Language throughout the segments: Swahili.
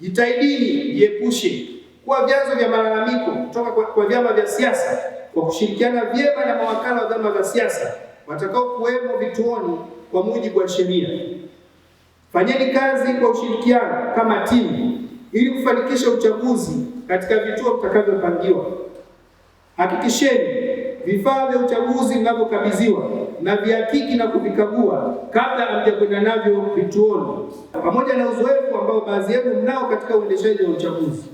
Jitahidini jiepushe kuwa vyanzo vya malalamiko kutoka kwa, kwa vyama vya siasa kwa kushirikiana vyema na mawakala wa vyama vya siasa watakao kuwemo vituoni kwa mujibu wa sheria. Fanyeni kazi kwa ushirikiano kama timu ili kufanikisha uchaguzi katika vituo vitakavyopangiwa. Hakikisheni vifaa vya uchaguzi vinavyokabidhiwa na vihakiki na kuvikagua kabla hamjakwenda navyo vituoni, pamoja na uzoefu ambao baadhi yenu mnao katika uendeshaji wa uchaguzi.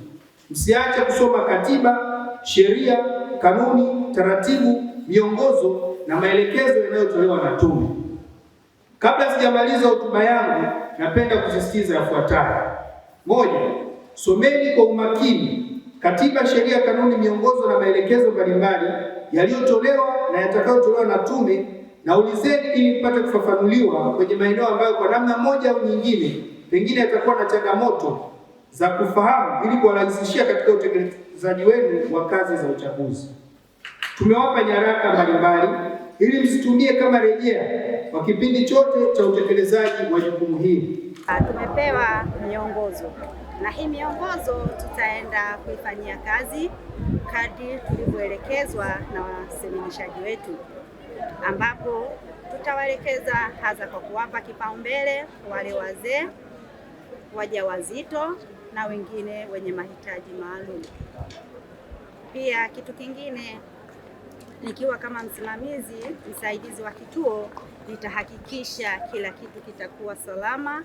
Msiache kusoma katiba, sheria, kanuni, taratibu, miongozo na maelekezo yanayotolewa na tume. Kabla sijamaliza hotuba yangu, napenda kusisitiza yafuatayo: moja, someni kwa umakini katiba, sheria, kanuni, miongozo na maelekezo mbalimbali yaliyotolewa na yatakayotolewa na tume Naulizeni ili mpate kufafanuliwa kwenye maeneo ambayo kwa namna moja au nyingine pengine yatakuwa na changamoto za kufahamu ili kuwarahisishia katika utekelezaji wenu wa kazi za uchaguzi. Tumewapa nyaraka mbalimbali ili msitumie kama rejea kwa kipindi chote cha utekelezaji wa jukumu hili. Ah, tumepewa miongozo na hii miongozo tutaenda kuifanyia kazi kadri tulivyoelekezwa na waseminishaji wetu ambapo tutawaelekeza hasa kwa kuwapa kipaumbele wale wazee wajawazito na wengine wenye mahitaji maalum. Pia kitu kingine, nikiwa kama msimamizi msaidizi wa kituo, nitahakikisha kila kitu kitakuwa salama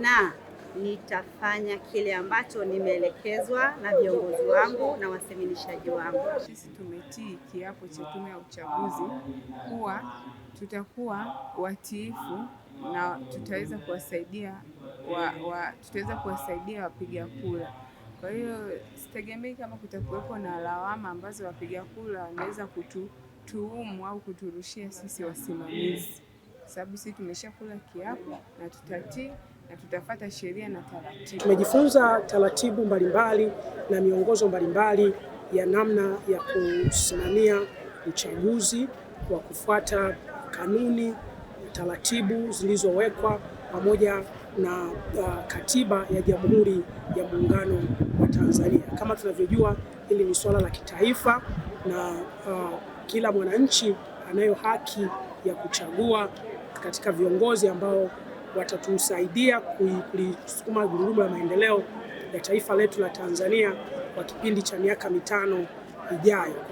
na nitafanya kile ambacho nimeelekezwa na viongozi wangu na waseminishaji wangu. Sisi tumetii kiapo cha Tume ya Uchaguzi kuwa tutakuwa watiifu na tutaweza kuwasaidia wa, wa, tutaweza kuwasaidia wapiga kura. Kwa hiyo sitegemei kama kutakuwepo na lawama ambazo wapiga kura wanaweza kututuhumu au kuturushia sisi wasimamizi, sababu sisi tumeshakula kiapo na tutatii na tutafuata sheria na taratibu. Tumejifunza taratibu mbalimbali na miongozo mbalimbali ya namna ya kusimamia uchaguzi kwa kufuata kanuni, taratibu zilizowekwa pamoja na uh, katiba ya Jamhuri ya Muungano wa Tanzania. Kama tunavyojua, hili ni swala la kitaifa na uh, kila mwananchi anayo haki ya kuchagua katika viongozi ambao watatusaidia kulisukuma gurudumu la maendeleo ya taifa letu la Tanzania kwa kipindi cha miaka mitano ijayo.